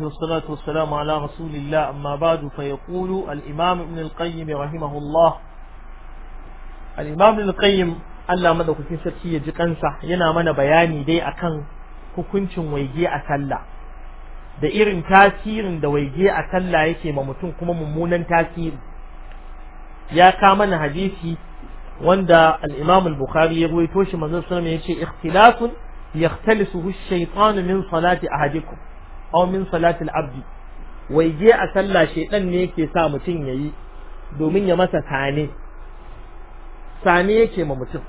والصلاة والسلام على رسول الله أما بعد فيقول الإمام ابن القيم رحمه الله الإمام ابن القيم Allah madaukakin sarki ya ji kansa yana mana bayani dai akan hukuncin waige a da irin tasirin da waige a sallah yake ma mutum kuma mummunan tasiri ya ka mana hadisi wanda al-Imam al-Bukhari ya ruwaito shi manzon sallallahu alaihi wasallam yace ikhtilafun yakhtalisu ash-shaytanu min salati ahadikum aw min salatil abdi je a sallah shedan ne yake sa mutum yayi domin ya masa sane sane yake ma mutum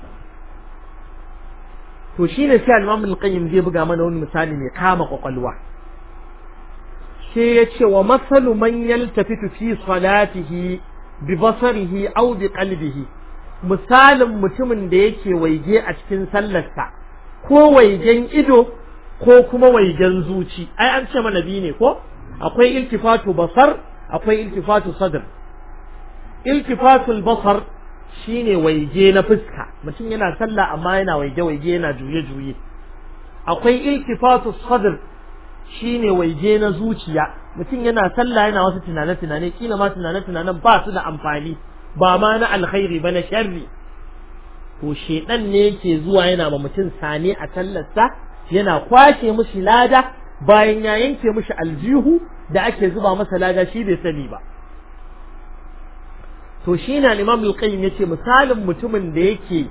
to shine sai al-Imam al-Qayyim zai buga mana wani misali mai kama kwakwalwa sai ya wa masalu man yaltafitu fi salatihi bi basarihi aw bi qalbihi misalin mutumin da yake waige a cikin sallarsa ko waigen ido ko kuma waigen zuci ai an ce mana biyu ne ko akwai iltifatu basar akwai iltifatu sadr iltifatul basar shine waige na fuska mutum yana sallah amma yana waige waige yana juye juye akwai iltifatu sadr shine waige na zuciya mutum yana sallah yana wasu tunane tunane kila ma tunane tunanen ba su da amfani ba ma na alkhairi ba na sharri to shedan ne yake zuwa yana ma mutum sane a sallarsa yana kwashe mushi lada bayan ya yanke mushi aljihu da ake zuba masa lada shi bai sani ba to shi na imam al-qayyim yace misalin mutumin da yake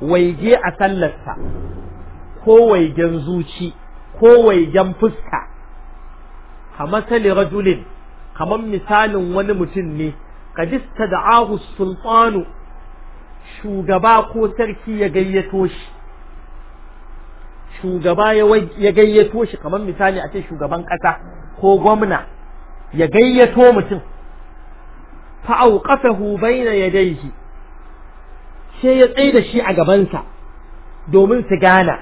waige a sallarsa ko waigen zuci ko waigen fuska kamar rajulin kamar misalin wani mutum ne kadista da ahu sultanu shugaba ko sarki ya gayyato shi shugaba ya gayyato shi kamar misali a ce shugaban ƙasa ko gwamna ya gayyato mutum auqafahu bayna yadayhi sai ya tsaye da shi a gabansa domin su gana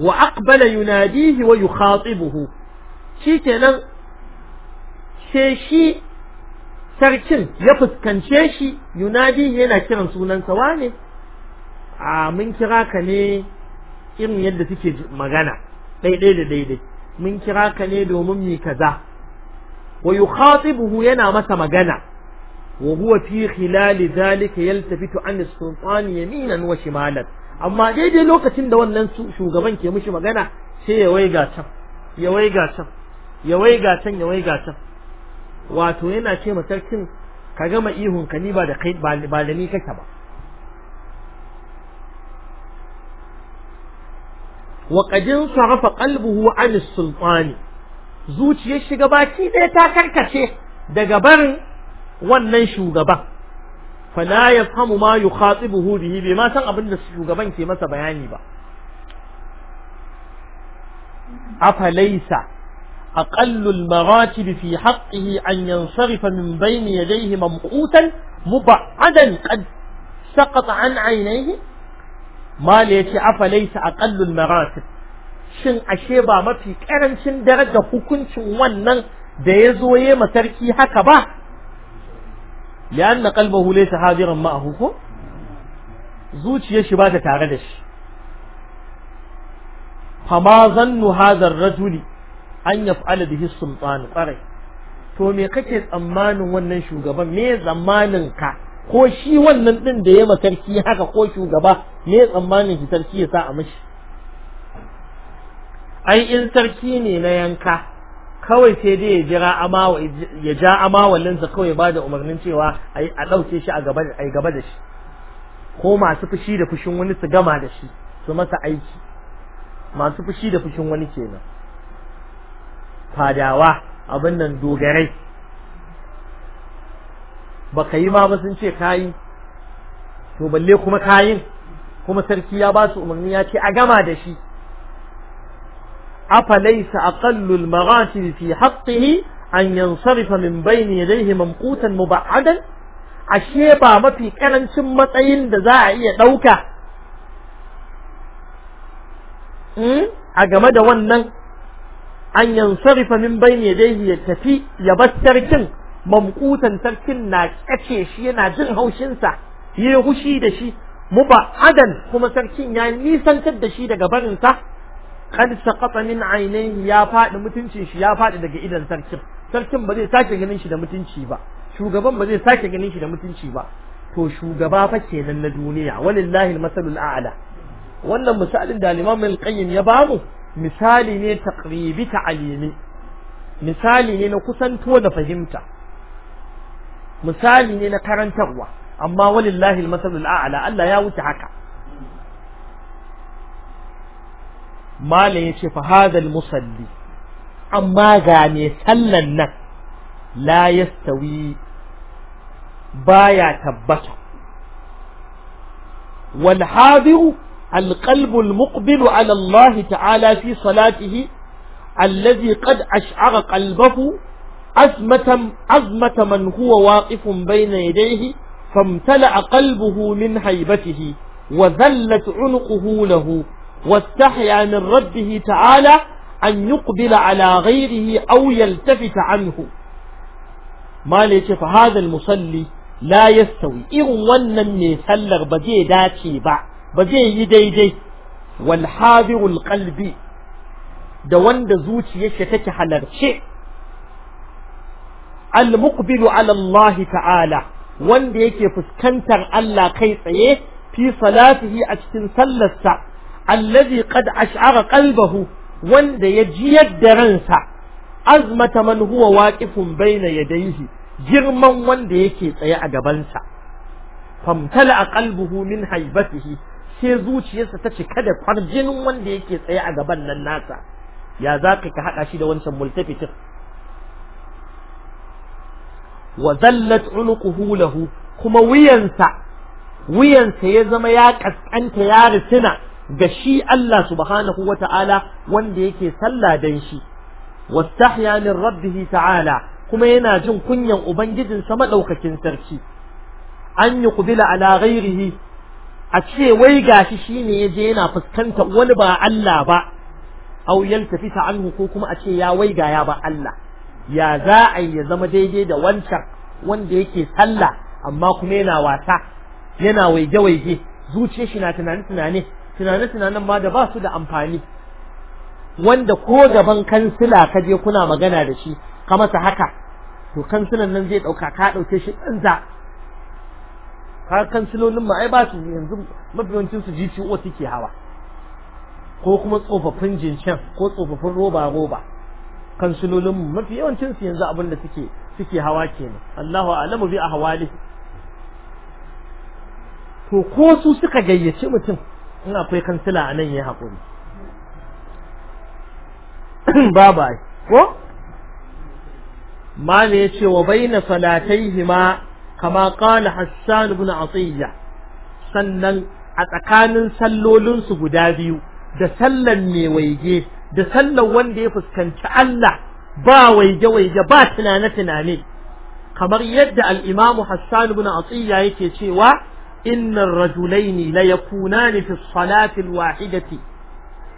wa aqbala yunadihi wa yukhatibuhu shikenan sai shi sarkin ya fuskance shi yunadihi yana kiran sunansa wane a mun kira ka ne irin yadda suke magana daidai da daidai mun kira ka ne domin mi kaza wa yukhatibuhu yana masa magana wa huwa fi khilal zalika yaltafitu an sultan yaminan wa shimalan amma daidai lokacin da wannan shugaban ke mishi magana sai ya waiga can ya waiga can ya waiga can ya waiga can wato yana ce masarkin ka gama ihun ka ni ba da kai ba da ni kake ba وقد انصرف قلبه عن السلطان zuciyar shiga baki ɗaya ta karkace daga barin wannan shugaban fala ya famu ma yi buhu bihi bai ma san abin da shugaban ke masa bayani ba afalaisa aqallul maratib fi haqqihi an yansarifa min bayni yadayhi mamqutan mub'adan qad saqata an aynayhi mala laisa a aqallul maratib shin ashe ba mafi karancin darajar hukuncin wannan da ya zo ya ma sarki haka ba lianna qalbahu laysa hadiran ma'ahu ko zuciyar shi ba ta tare da shi fama zannu hadha rajuli an yaf'ala bihi sultan qarai to me kake tsammanin wannan shugaban me zamanin ka ko shi wannan din da ya ma sarki haka ko shugaba me tsammanin ki sarki ya sa a mishi ai in sarki ne na yanka kawai sai dai ya jira ama ya ja amawalinsa kawai bada umarnin cewa a ɗauke shi a gaba da gaba da shi ko masu fushi da fushin wani su gama da shi su masa aiki masu fushi da fushin wani kenan fadawa abin nan dogarai baka yi ma ba sun ce kayi to balle kuma kayin kuma sarki ya ba su umarni ya ce a gama da shi afalaysa aqallul maratib fi haqqihi an yansarifa min bayni yadayhi mamqutan muba'adan ashe ba mafi karancin matsayin da za a iya dauka hmm, a game da wannan an yansarifa min bayni yadayhi ya tafi ya bar sarkin mamkutan sarkin na kace shi yana jin haushinsa, sa yayi hushi da shi muba'adan kuma sarkin ya nisantar da shi daga barinsa kad saqata min ainihi ya fadi mutuncin shi ya fadi daga idan sarkin sarkin ba zai sake ganin shi da mutunci ba shugaban ba zai sake ganin shi da mutunci ba to shugaba fa kenan na duniya walillahi almasalul a'la wannan misalin da Imam al-Qayyim ya bamu misali ne taqribi ta'limi misali ne na kusanto da fahimta misali ne na karantarwa أما ولله المثل الأعلى ألا يا حكا ما ليشف هذا المصلي أما غني سلنا لا يستوي بايا تبتا والحاضر القلب المقبل على الله تعالى في صلاته الذي قد أشعر قلبه أزمة أزمة من هو واقف بين يديه فامتلأ قلبه من هيبته وذلت عنقه له واستحيا من ربه تعالى أن يقبل على غيره أو يلتفت عنه ما ليش فهذا المصلي لا يستوي إن ونن ميسلغ بجي داتي با بجي يدي دي والحاضر القلب da wanda zuciyarsa take halarce al muqbilu ala Allah ta'ala wanda yake fuskantar Allah kai tsaye fi salatihi a cikin sallarsa allazi qad ash'ara qalbahu wanda ya jiyar da ransa azmata man huwa waqifun baina yadayhi girman wanda yake tsaye a gabansa famtala qalbuhu min haibatihi sai zuciyarsa ta cika da farjinin wanda yake tsaye a gaban nan nasa ya zaka ka hada shi da wancan multafitin wa zallat unuquhu lahu kuma wuyansa wuyansa ya zama ya kaskanta ya risina ga shi Allah subhanahu wata'ala wanda yake sallah dan shi wastahya min rabbih ta'ala kuma yana jin kunyan ubangijinsa madaukakin sarki an yuqbila ala ghairihi a ce wai gashi shine yaje yana fuskanta wani ba Allah ba aw yaltafita anhu ko kuma a ce ya waiga ya ba Allah ya za a yi ya zama daidai da wancan wanda yake sallah amma kuma yana wasa yana waige-waige zuciya shi na tunane-tunane tunane-tunanen ma da ba su da amfani wanda ko gaban kansila ka je kuna magana da shi ka masa haka to kansilan nan zai ɗauka ka ɗauke shi za ka kansilolin ma ba su yanzu mafi su GTO suke hawa ko kuma tsofaffin jinshen ko tsofaffin roba roba kansulolin mafi yawancin su yanzu abin da suke suke hawa kenan Allahu a'lamu bi ahwali to ko su suka gayyace mutum in akwai kansila a nan ya haƙuri baba ko ma ne ya ce wa baina hima kama qala Hassan ibn Atiyya sannan a tsakanin sallolinsu guda biyu da sallan mai waige da sallar wanda ya fuskanci Allah ba waige-waige ba tunane-tunane kamar yadda al'imamu Hassan ibn Atiyya yake cewa innan rajulaini la yakunani fi wahidati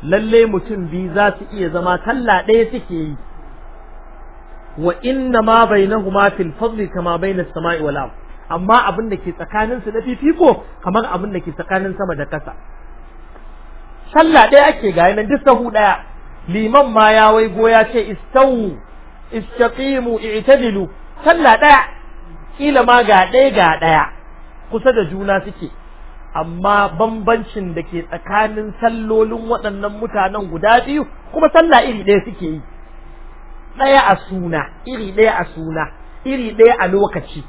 lalle mutum biyu za su iya zama sallah ɗaya suke yi wa inna ma bainahuma fil fadli kama bainas sama'i wal amma abin da ke tsakanin su na fifiko kamar abin da ke tsakanin sama da ƙasa sallah ɗaya ake ga nan duk sahu ɗaya liman ma ya wai goya ce istawu istaqimu i'tadilu sallah daya kila ma ga daya ga daya kusa da juna suke amma bambancin da ke tsakanin sallolin waɗannan mutanen guda biyu kuma sallah iri ɗaya suke yi ɗaya a suna iri ɗaya a suna iri ɗaya a lokaci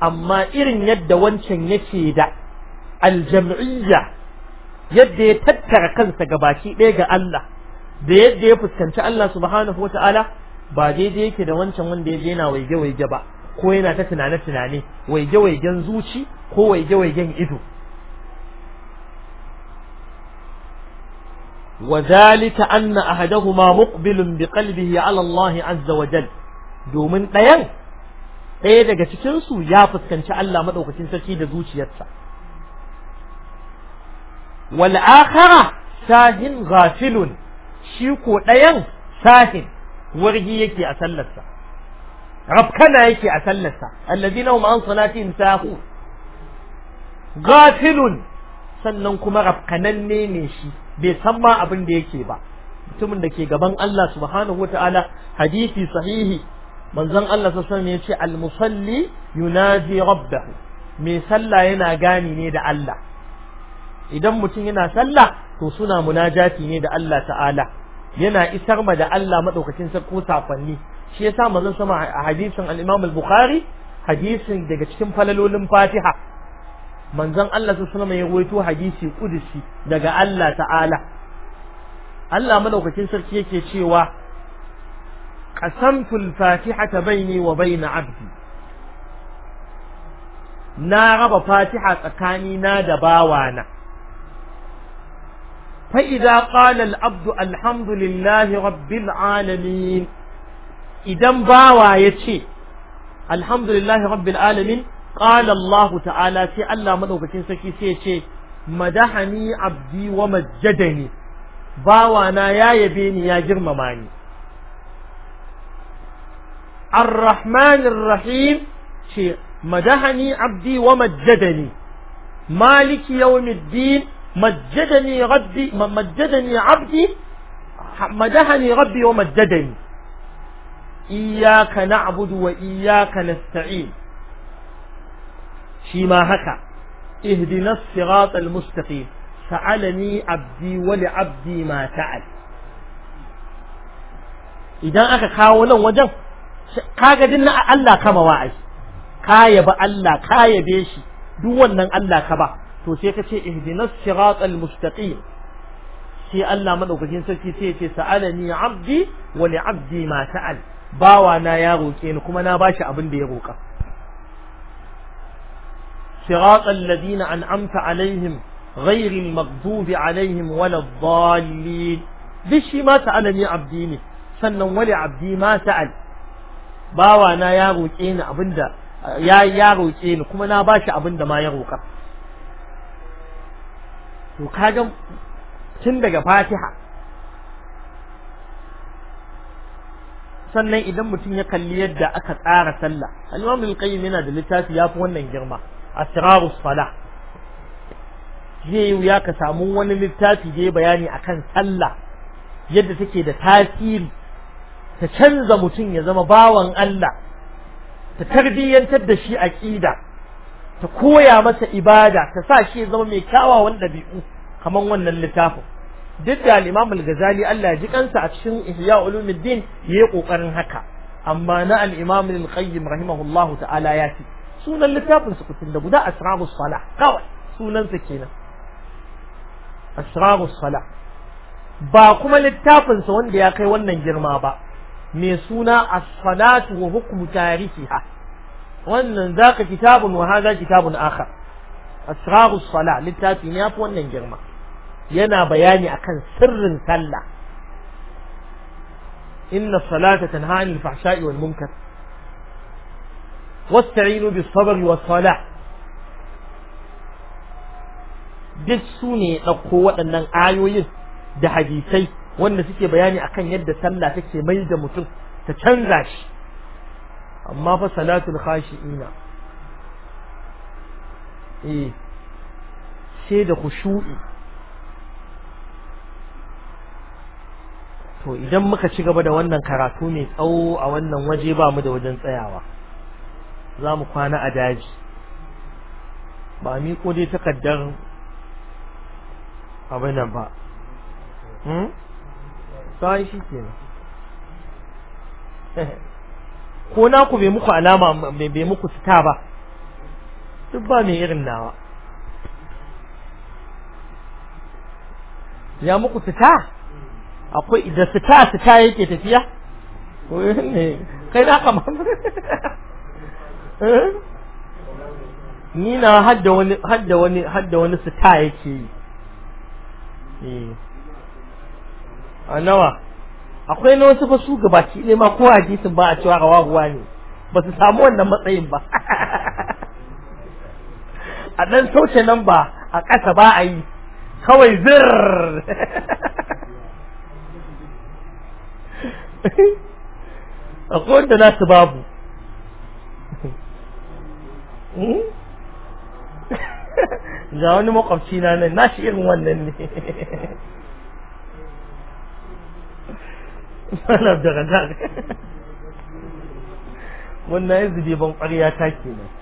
amma irin yadda wancan yake da aljam'iyya yadda ya tattara kansa gabaki ɗaya ga Allah da yadda ya fuskanci Allah subhanahu wata'ala ba daidai yake da wancan wanda ya je yana waige waige ba ko yana ta tunane tunane waige waigen zuci ko waige waigen ido وذلك أن أحدهما مقبل بقلبه على الله عز وجل domin ɗayan ɗaya daga cikinsu ya fuskanci Allah maɗaukacin sarki da zuciyarsa wal akhara sahin ghafilun shi ko ɗayan sahin wargi yake a sallarsa rafkana yake a sallarsa allazina hum an salatihim sahun gafilun sannan kuma rafkananne ne shi bai san ma abin da yake ba mutumin da ke gaban Allah subhanahu wataala hadisi sahihi manzon Allah sallallahu alaihi ya ce al-musalli yunaji rabbahu mai sallah yana gani ne da Allah idan mutum yana sallah to suna munajati ne da Allah ta'ala yana isar ma da Allah madaukakin sarko safanni shi yasa manzon sama a hadisin al-Imam al-Bukhari hadisin daga cikin falalolin Fatiha manzon Allah sallallahu alaihi ya rawaito hadisi kudusi daga Allah ta'ala Allah madaukakin sarki yake cewa qasamtu al-fatihata baini wa baina abdi na raba fatiha tsakani na da bawana فإذا قال العبد الحمد لله رب idan bawa ya ce alhamdulillahi rabbil alamin qala Allah ta'ala sai Allah madaukakin sarki sai ya ce madahani abdi wa majjadani bawa na ya yabe ni ya girmama ni arrahmanir rahim ce madahani abdi wa majjadani maliki yawmiddin مجدني ربي مجدني عبدي مدحني ربي ومجدني إياك نعبد وإياك نستعين شيما هكا اهدنا الصراط المستقيم سألني عبدي ولعبدي ما سأل إذا أكا kawo وجم wajen kaga ألا كما واعي كايب ألا كايب يشي ka yabe ألا duk to sai ka ce ihdinas siratal mustaqim sai Allah madaukakin sarki sai ya ce sa'alani abdi wa li abdi ma sa'al bawa na ya roke ni kuma na bashi abin da ya roka siratal ladina an'amta alaihim غير المغضوب عليهم ولا الضالين دشي ما سألني عبدي ne sannan wali abdi ma sa'al bawa na ya roke ni abinda ya ya roke ni kuma na bashi abinda ma ya roka to kaga tun daga fatiha sannan idan mutum ya kalli yadda aka tsara sallah al-imam yana da littafi fi wannan girma asrarus salah zai ya ka samu wani littafi da ya bayani akan sallah yadda take da tasiri ta canza mutum ya zama bawan Allah ta tarbiyyantar da shi aƙida. ta koya masa ibada ta sa shi ya zama mai kyawawan ɗabi'u kamar wannan littafin duk da al gazali al Allah ji kansa a cikin Ihya Ulumuddin yayi kokarin haka amma na al-Imam al-Qayyim ta'ala ya ce sunan littafin su kusin da guda Asrarus Salah kawai sunan sa kenan Asrarus Salah ba kuma littafin sa wanda ya kai wannan girma ba mai suna as-salatu wa hukmu tarihiha wannan zaka kitabun wa hadha kitabun akhar asraru salah littafi ne yafi wannan girma yana bayani akan sirrin sallah inna salata tanha anil fahsha'i wal munkar wasta'inu bis sabri was salah duk su ne ɗauko waɗannan ayoyin da hadisai wanda suke bayani akan yadda sallah take mai da mutum ta canza shi amma fa salatul khashi'ina eh sai da khushu'i to idan muka ci gaba da wannan karatu ne tsawo a wannan waje ba mu da wajen tsayawa za mu kwana a daji ba mi ko dai takaddar abinan ba hmm? sai shi ke ko na ku bai muku alama bai muku sita ba duk ba mai irin nawa ya muku sita akwai da sita sita yake tafiya kai na kama eh? ni na hadda wani hadda wani hadda wani sita yake yi eh. a nawa akwai na wasu fasu gabaki ne ma ko hadisin ba a cewa wahuwa ne ba su samu wannan matsayin ba a ɗan sauce nan ba a ƙasa ba a yi kawai zir akwai wanda nasu babu hmm? ga wani makwabci na nan nashi irin wannan ne malam da ranar wannan yanzu ban ƙwarya ta kenan